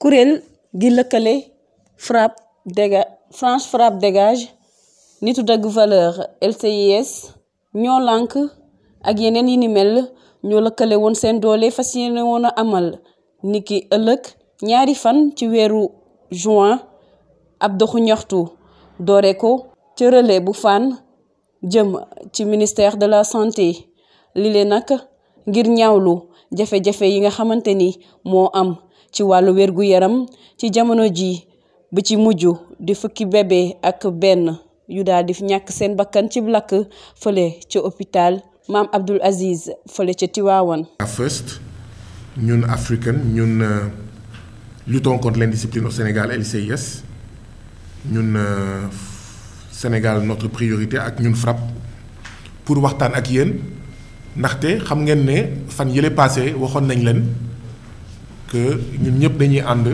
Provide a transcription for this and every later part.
kuréel gi lëkkale FRAPP dégage France FRAPP dégage nitu dagg valeur LCIS ñoo lànk ak yeneen yi ni mel ñoo lëkkale woon seen doole fas yéene woon amal niki ëllëg ñaari fan ci weeru juin ab doxu ñaxtu doore ko cërële bu fan jëm ci ministère de la santé li lee nag ngir ñawlu jafe-jafe yi nga xamante ni moo am ci wàll wérgu yaram ci jamono ji bi ci mujj di fukki bébé ak benn yu daal di ñàkk seen bakkan ci lakk fële ca hôpital maam Abdoul Aziz fële ca Tiwaawan. First ñun African ñun euh, luttons contre l'indiscipline au Sénégal LCIS ñun euh, Sénégal notre priorité ak ñun FRAPP pour waxtaan ak yéen. ndaxte xam ngeen ne fan yële passé waxoon nañ leen que ñun ñëpp dañuy ànd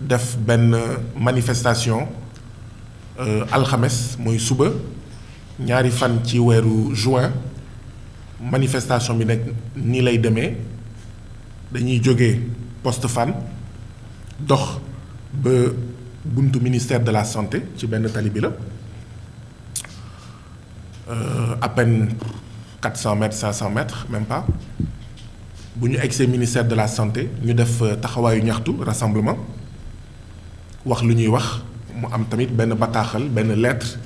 def benn manifestation euh, alxames mooy suba ñaari fan ci weeru juin manifestation bi nag nii lay demee dañuy jóge poste fan dox ba buntu ministère de la santé ci benn tali bi la euh, à peine 400 mètres 500 mètres même pas bu ñu egsee ministère de la santé ñu def euh, taxawaayu ñaxtu rassemblement wax lu ñuy wax mu am tamit benn bataaxal benn lettre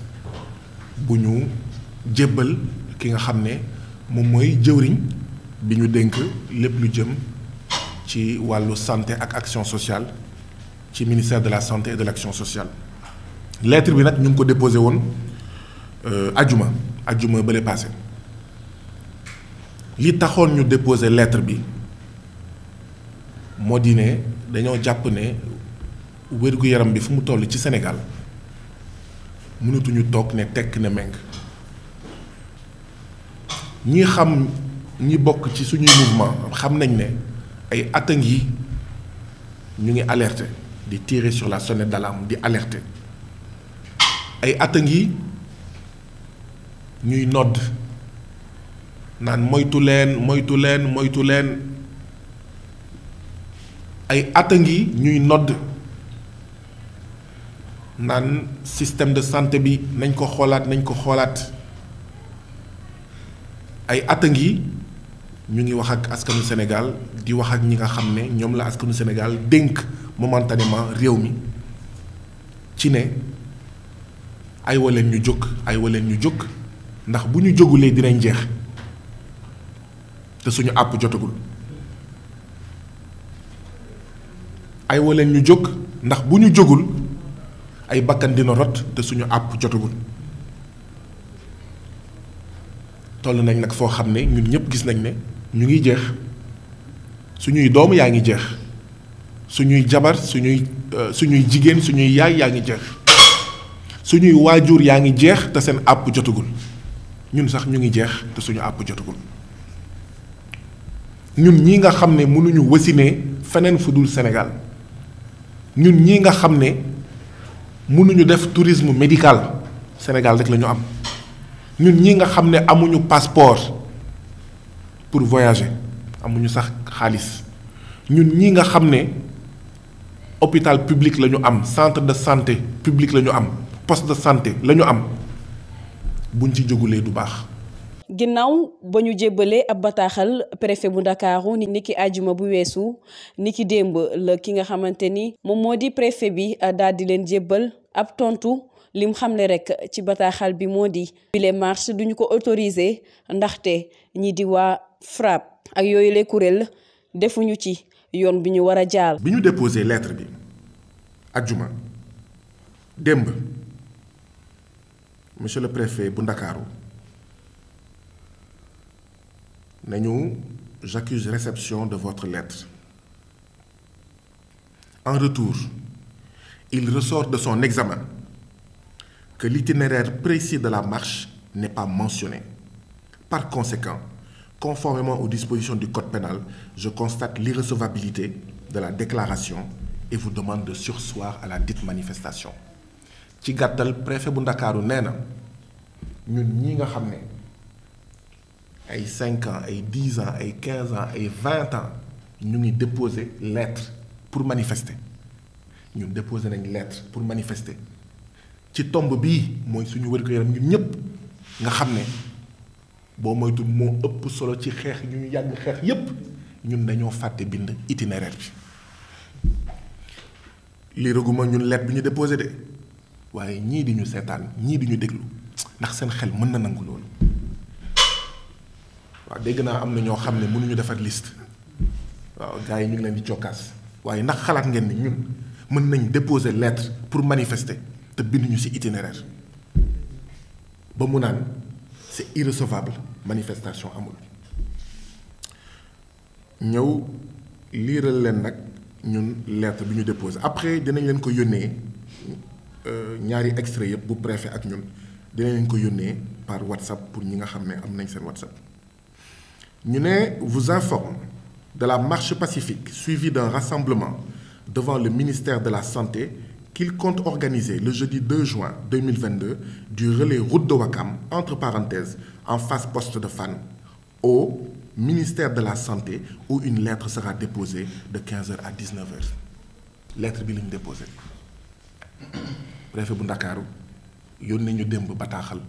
bu ñu jébbal ki nga xam ne moom mooy jëwriñ bi ñu dénk lépp lu jëm ci wàllu santé ak action sociale ci ministère de la santé et de l'action sociale lettre bi nag ñu ngi ko déposé woon euh, ajuma ajuma bële passé li taxoon ñu déposer lettre bi moo di ne dañoo jàpp ne wér-gu-yaram bi fu mu toll ci Sénégal mënatuñu toog ne tekk na meng ñi xam ñi bokk ci suñuy mouvement xam nañ ne ay atang yi ñu ngi alerte di tirer sur la sonnette d'alarme di alerter ay atang yi ñuy nodd naan moytu leen moytu leen moytu leen ay at ngi ñuy nodd naan système de santé bi nañ ko xoolaat nañ ko xoolaat ay at ngi ñu ngi wax ak askanu Sénégal di wax ak ñi nga xam ne ñoom la askanu Sénégal dénk momentanément réew mi ci ne ay waleen ñu jóg ay ñu jóg ndax bu ñu jógulee dinañ jeex te suñu àpp jotagul ay waleen ñu jóg ndax bu ñu jógul ay bakkan dina rot te suñu àpp jotagul toll nañ nag foo xam ne ñun ñëpp gis nañ ne ñu ngi jeex suñuy doom yaa ngi jeex suñuy jabar suñuy euh, suñuy jigéen suñuy yaay yaa ngi jeex suñuy waajur yaa ngi jeex te seen àpp jotagul ñun sax ñu ngi jeex te suñu àpp jotagul ñun ñii nga xam ne mënuñu wasinee feneen fu dul Sénégal ñun ñii nga xam ne mënuñu def tourisme médical Sénégal rek la am ñun ñi nga xam ne amuñu passeport pour voyager amuñu sax xaalis ñun ñii nga xam ne hôpital publique la ñu am centre de santé publique la ñu am poste de santé la ñu am buñ ci jógulee du baax. ginnaaw ba ñu jébbalee ab bataaxal préfet bu ndakaaru ni ki ajuma bu weesu ni ki démb la ki nga xamante ni moom moo di préfé bi ah, daal di leen jébbal ab tontu lim xamle rek ci bataaxal bi moo di bile marche duñu ko autorisé ndaxte ñi di waa FRAPP ak yooyu les kuréel defuñu ci yoon bi ñu war a jaal bi ñu déposé lettre bi ajuma démb monsieur le préfet bu ndakaaru nañu j'accuse réception de votre lettre en retour il ressort de son examen que l'itinéraire précis de la marche n'est pas mentionné par conséquent conformément aux dispositions du code pénal je constate l'irrecevabilité de la déclaration et vous demande de surseoir à la dite manifestation ci gàttal préfet bu Ndakaaru nee na ñun ñi nga xam ne ay cinq ans ay dix ans ay quinze ans ay vingt ans ñu ngi déposer lettre pour manifester ñun déposer nañ lettre pour manifester ci tomb bii mooy suñu wér-gu-yaram ñun ñëpp nga xam ne boo moytul moo ëpp solo ci xeex ñu yàgg xeex yépp ñun dañoo fàtte bind itinéraire bi lii ñun lettre bi ñu déposé de waaye ñii di ñu seetaan ñii di ñu déglu ndax seen xel mën na nangu loolu. waa dégg naa am na ñoo xam ne mënuñu defar liste waaw gars yi ñu ngi leen di jokkaas waaye ndax xalaat ngeen ni ñun mën nañ déposer lettre pour manifester te binduñu ci itinéraire ba mu naan c'est irrecevable manifestation amul ñëw liiral leen nag ñun lettre bi ñu déposé après dinañ leen ko yónnee euh, ñaari extrait yëpp bu préfet ak ñun dinañ leen ko yónnee par WhatsApp pour ñi nga xam ne am nañ seen WhatsApp ñu ne vous informe de la marché pacifique suivie d'un rassemblement devant le ministère de la santé qu'il compte organiser le jeudi 2 juin 2022 du relais route de Wakam entre parenthèses en face poste de Fann au ministère de la santé où une lettre sera déposée de 15h à 19h lettre bi la ñu déposé préfet bu Ndakaaru yónnee ñu démb bataaxal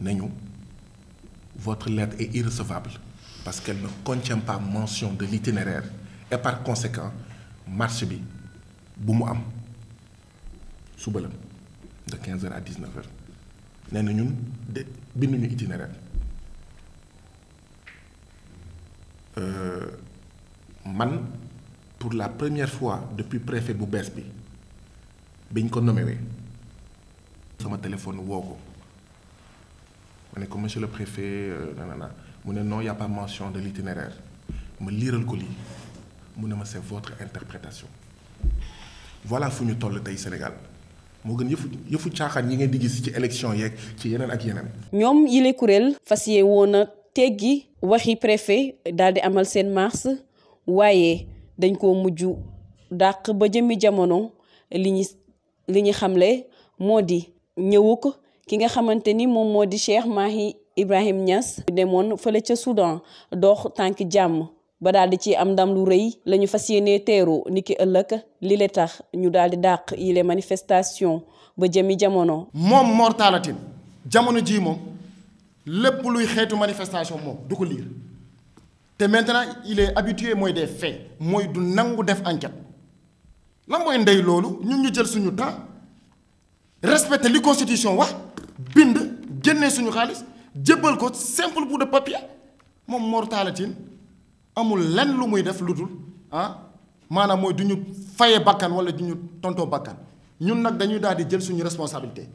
nañu votre lettre est irrecevable parce qu'elle ne contient pas mention de l'itinéraire et par conséquent marché bi bu mu am suba la de 15 heures à 19 heures nee na ñun de binduñu itinéraire euh, man pour la première fois depuis préfet bu bees bi biñ ko nomewee sama téléphone woo ko ma ne ko monsieur le préfet euh, nanana mu ne non y mention de l'itinéraire ma liiral ko lii mu ne ma c'est votre interprétation voilà fu ñu toll tey Sénégal moo gën yëfu yëfu caaxaan yi ngeen di gis ci élection yeeg ci yeneen ak yeneen. ñoom yile kuréel fas yee woon a teggi waxi préfet daal di amal seen mars waaye dañ ko mujj dàq ba jëmmi jamono li ñu li ñu xamle moo di ñëwuk ki nga xamante ni moom moo di Cheikh Ibrahim Niass demoon fële ca Soudan dox tànk jàmm ba daal di ci am ndam lu rëy lañu ñu fas yéenee teeru niki ëllëg li le tax ñu daal di dàq yile manifestation ba jëmmi jamono. moom Mor jamono jii moom lépp luy xeetu manifestation moom du ko liir te maintenant il est habitué mooy des faits mooy du nangu def enquête lan mooy loolu ñun ñu jël suñu temps respecter li constitution wax bind génnee suñu xaalis. jébbal ko simple bout de papier moom Mor Talla amul lenn lu muy def lu dul ah maanaam mooy du ñu faye bakkan wala du ñu tontoo bakkan ñun nag dañuy daal di jël suñu responsabilité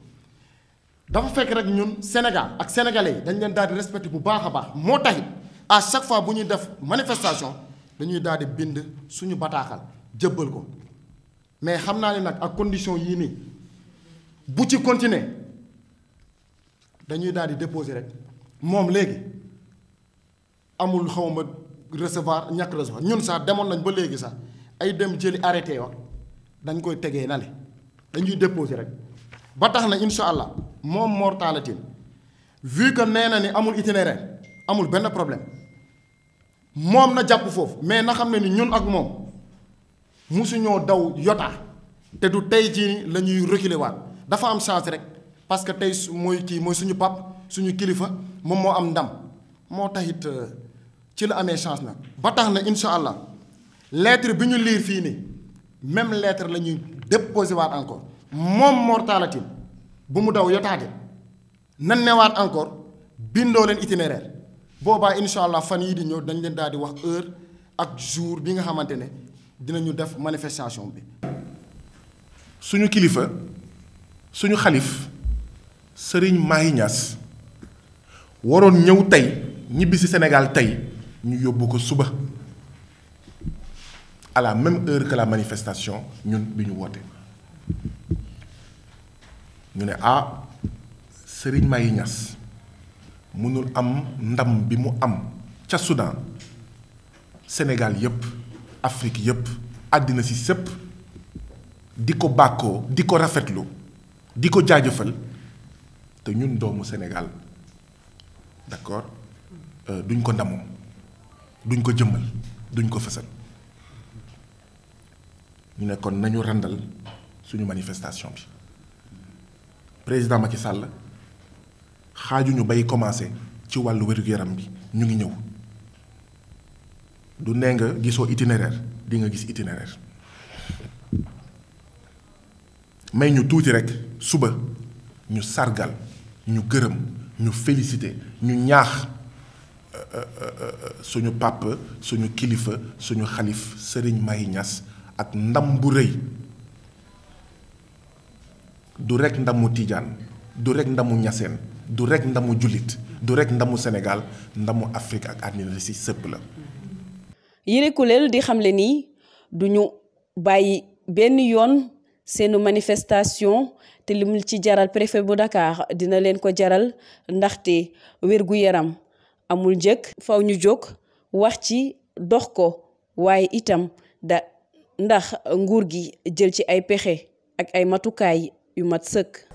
dafa fekk rek ñun Sénégal ak sénégalais dañu leen daal di respecté bu baax a baax moo taxit à chaque fois bu ñuy def manifestation dañuy daal di bind suñu bataaxal jébbal ko mais xam naa ne nag ak condition yii nii bu ci continuer dañuy daal di déposer rek moom léegi amul xawma ma recevoir ñàkk recevoir ñun sax demoon nañ ba léegi sax ay dem jëli arrêté wax dañ koy tegee nale dañuy déposé rek ba tax na insha allah moom Mor Talla Tine vu que nee na ni amul itinéraire amul benn problème moom na jàpp foofu mais na xam ne ni ñun ak moom musuñoo daw yotaa te du tey jii la ñuy reculer waat dafa am chance rek parce que tey mooy kii mooy suñu pap suñu kilifa moom moo am ndam moo taxit euh, ci la amee chance nag ba tax na incha allah lettre bi ñu liir fii nii même lettre la ñuy déposé waat encore moom Mor bu mu daw yotaate nan newaat encore bindoo leen itinéraire boobaa incha allah fan yii di ñëw dañu leen daal di wax heure ak jour bi nga xamante ne dinañu def manifestation bi. suñu kilifa suñu xalif. Serigne Mahi waroon ñëw tey ñibbisi senegal tey ñu yóbbu ko suba à la même heure que la manifestation ñun bi ñu woote ñu ne ah Serigne Mahi Niass mënul am ndam bi mu am ca Soudan Sénégal yëpp Afrique yëpp àddina si sëpp di ko bàkkoo di ko rafetlu di ko jaajëfal te ñun doomu Sénégal d'accord euh, duñ ko ndamoo duñ ko jëmmal duñ ko fësal ñu ne kon nañu randal suñu manifestation bi président Macky Sall ñu bay commencé ci wàllu wér yaram bi ñu ngi ñëw du nee nga gisoo itinéraire di nga gis itinéraire may ñu tuuti rekk suba ñu sargal ñu gërëm ñu félicité ñu ñaax euh, euh, euh, suñu papa suñu kilifa suñu xalif sëriñ Mahi ñas ak ndam bu rëy du rek ndamu Tidiane du rek ndamu Niassène du rek ndamu jullit du rek ndamu Sénégal ndamu Afrique ak àddina sëpp la. yile kuréel di xamle ni duñu bàyyi benn yoon seeni manifestation. te lim ci jaral préfet bu dakaar dina leen ko jaral ndaxte wérgu yaram amul njëkk faw ñu jóg wax ci dox ko waaye itam da ndax nguur gi jël ci ay pexe ak ay matukaay yu mat sëkk